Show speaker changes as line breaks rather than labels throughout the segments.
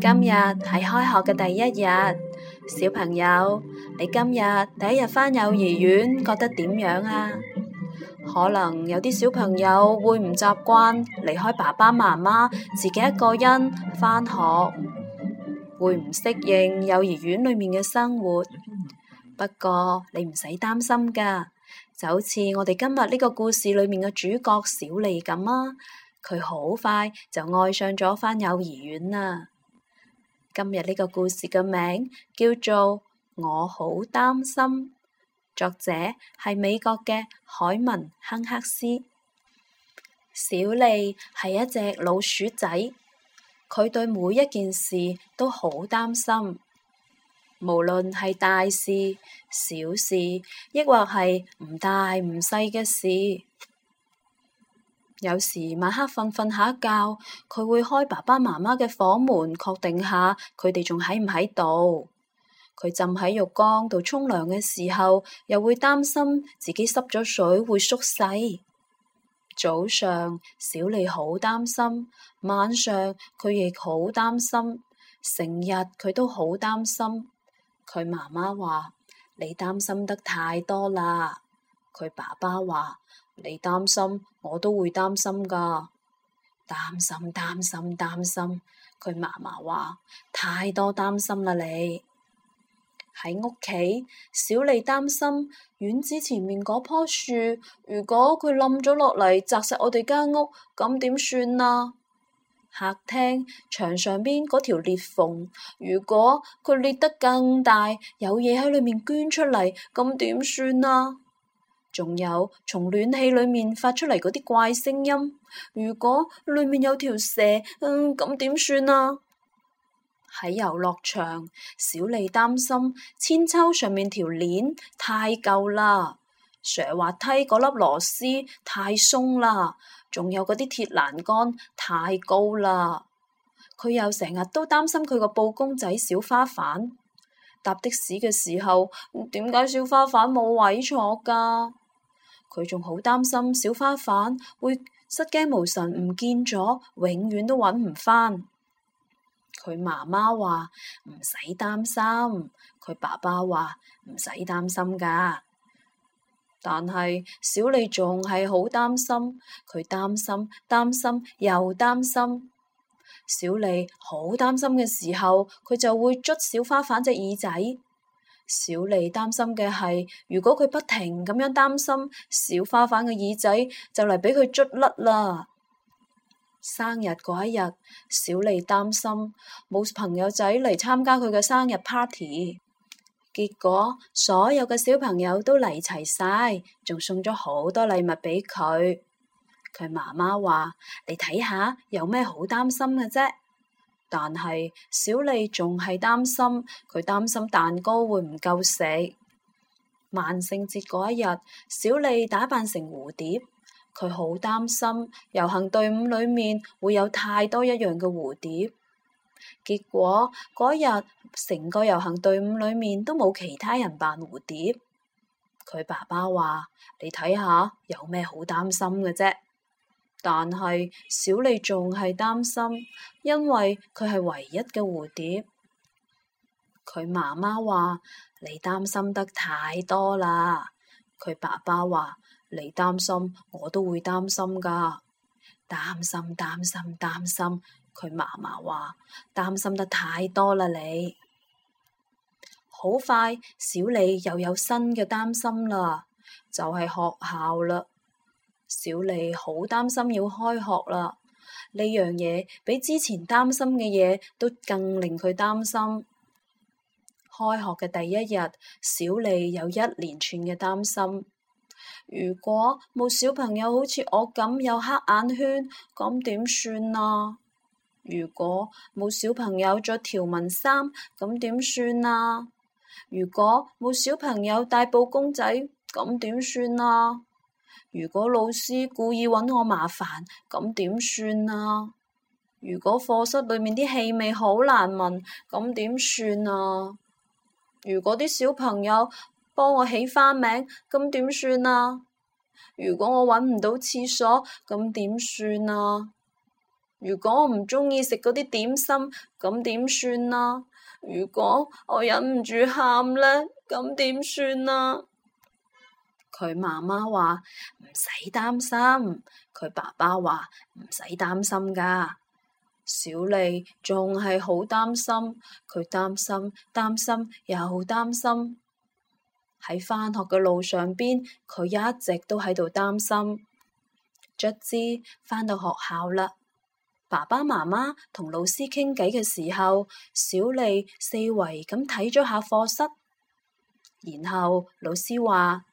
今日係開學嘅第一日，小朋友，你今日第一日返幼兒園，覺得點樣啊？可能有啲小朋友會唔習慣離開爸爸媽媽，自己一個人返學，會唔適應幼兒園裏面嘅生活。不過你唔使擔心噶，就好似我哋今日呢個故事裏面嘅主角小麗咁啊。佢好快就愛上咗返幼兒園啦。今日呢個故事嘅名叫做《我好擔心》，作者係美國嘅海文亨克斯。小利係一隻老鼠仔，佢對每一件事都好擔心，無論係大事、小事，抑或係唔大唔細嘅事。有時晚黑瞓瞓下一覺，佢會開爸爸媽媽嘅房門，確定下佢哋仲喺唔喺度。佢浸喺浴缸度沖涼嘅時候，又會擔心自己濕咗水會縮細。早上小麗好擔心，晚上佢亦好擔心，成日佢都好擔心。佢媽媽話：你擔心得太多啦。佢爸爸話：你擔心，我都會擔心㗎。擔心，擔心，擔心。佢嫲嫲話，太多擔心啦，你喺屋企，小麗擔心院子前面嗰棵樹，如果佢冧咗落嚟砸實我哋間屋，咁點算啊？客廳牆上邊嗰條裂縫，如果佢裂得更大，有嘢喺裏面捐出嚟，咁點算啊？仲有從暖氣裏面發出嚟嗰啲怪聲音，如果裏面有條蛇，嗯，咁點算啊？喺遊樂場，小麗擔心鞦韆上面條鏈太舊啦，斜滑梯嗰粒螺絲太鬆啦，仲有嗰啲鐵欄杆太高啦。佢又成日都擔心佢個布公仔小花瓣。搭的士嘅時候，點解小花瓣冇位坐噶？佢仲好擔心小花瓣會失驚無神，唔見咗，永遠都揾唔返。佢媽媽話唔使擔心，佢爸爸話唔使擔心㗎。但係小李仲係好擔心，佢擔心，擔心，又擔心。小李好擔心嘅時候，佢就會捉小花瓣隻耳仔。小麗擔心嘅係，如果佢不停咁樣擔心，小花瓣嘅耳仔就嚟俾佢捽甩啦。生日嗰一日，小麗擔心冇朋友仔嚟參加佢嘅生日 party，結果所有嘅小朋友都嚟齊晒，仲送咗好多禮物俾佢。佢媽媽話：「你睇下有咩好擔心嘅啫？」但係小麗仲係擔心，佢擔心蛋糕會唔夠食。萬聖節嗰一日，小麗打扮成蝴蝶，佢好擔心遊行隊伍裏面會有太多一樣嘅蝴蝶。結果嗰日，成個遊行隊伍裏面都冇其他人扮蝴蝶。佢爸爸話：你睇下，有咩好擔心嘅啫？但係小李仲係擔心，因為佢係唯一嘅蝴蝶。佢媽媽話：你擔心得太多啦。佢爸爸話：你擔心，我都會擔心噶。擔心，擔心，擔心。佢媽媽話：擔心得太多啦，你。好快，小李又有新嘅擔心啦，就係學校啦。小李好擔心要開學啦，呢樣嘢比之前擔心嘅嘢都更令佢擔心。開學嘅第一日，小李有一連串嘅擔心：如果冇小朋友好似我咁有黑眼圈，咁點算啊？如果冇小朋友着條紋衫，咁點算啊？如果冇小朋友帶布公仔，咁點算啊？如果老師故意揾我麻煩，咁點算啊？如果課室裏面啲氣味好難聞，咁點算啊？如果啲小朋友幫我起花名，咁點算啊？如果我揾唔到廁所，咁點算啊？如果我唔中意食嗰啲點心，咁點算啊？如果我忍唔住喊呢，咁點算啊？佢媽媽話唔使擔心，佢爸爸話唔使擔心噶。小麗仲係好擔心，佢擔心擔心又好擔心。喺返學嘅路上邊，佢一直都喺度擔心。卒之返到學校啦，爸爸媽媽同老師傾偈嘅時候，小麗四圍咁睇咗下課室，然後老師話。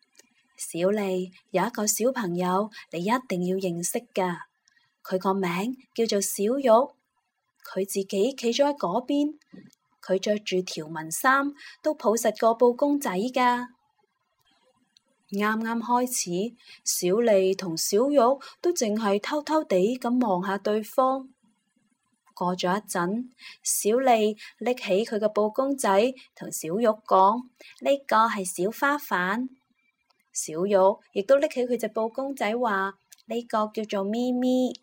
小麗有一個小朋友，你一定要認識噶。佢個名叫做小玉，佢自己企咗喺嗰邊，佢着住條紋衫，都抱實個布公仔噶。啱啱開始，小麗同小玉都淨係偷偷地咁望下對方。過咗一陣，小麗拎起佢個布公仔，同小玉講：呢個係小花瓣。小玉亦都拎起佢隻布公仔，話呢，這個叫做咪咪。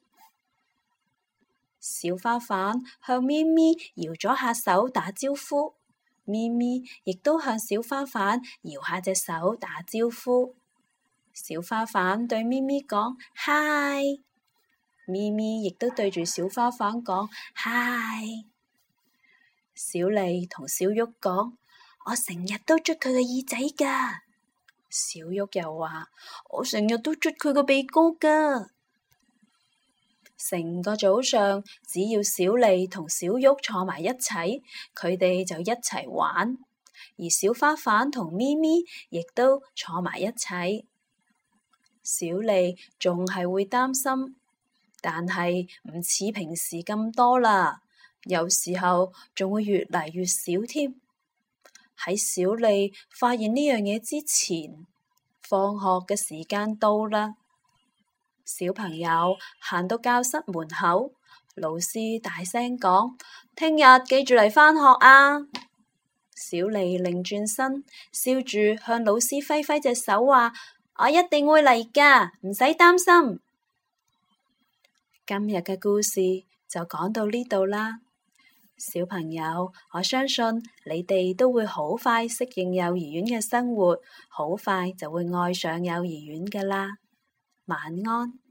小花瓣向咪咪搖咗下手打招呼，咪咪亦都向小花瓣搖，搖下隻手打招呼。小花瓣對咪咪講嗨。咪咪亦都對住小花瓣講嗨。小麗同小玉講：我成日都捽佢嘅耳仔噶。小玉又話：我成日都捽佢個鼻哥噶。成個早上，只要小麗同小玉坐埋一齊，佢哋就一齊玩。而小花瓣同咪咪亦都坐埋一齊。小麗仲係會擔心，但係唔似平時咁多啦。有時候仲會越嚟越少添。喺小麗發現呢樣嘢之前，放學嘅時間到啦。小朋友行到教室門口，老師大聲講：聽日記住嚟返學啊！小麗擰轉身，笑住向老師揮揮隻手，話：我一定會嚟㗎，唔使擔心。今日嘅故事就講到呢度啦。小朋友，我相信你哋都會好快適應幼兒園嘅生活，好快就會愛上幼兒園㗎喇。晚安。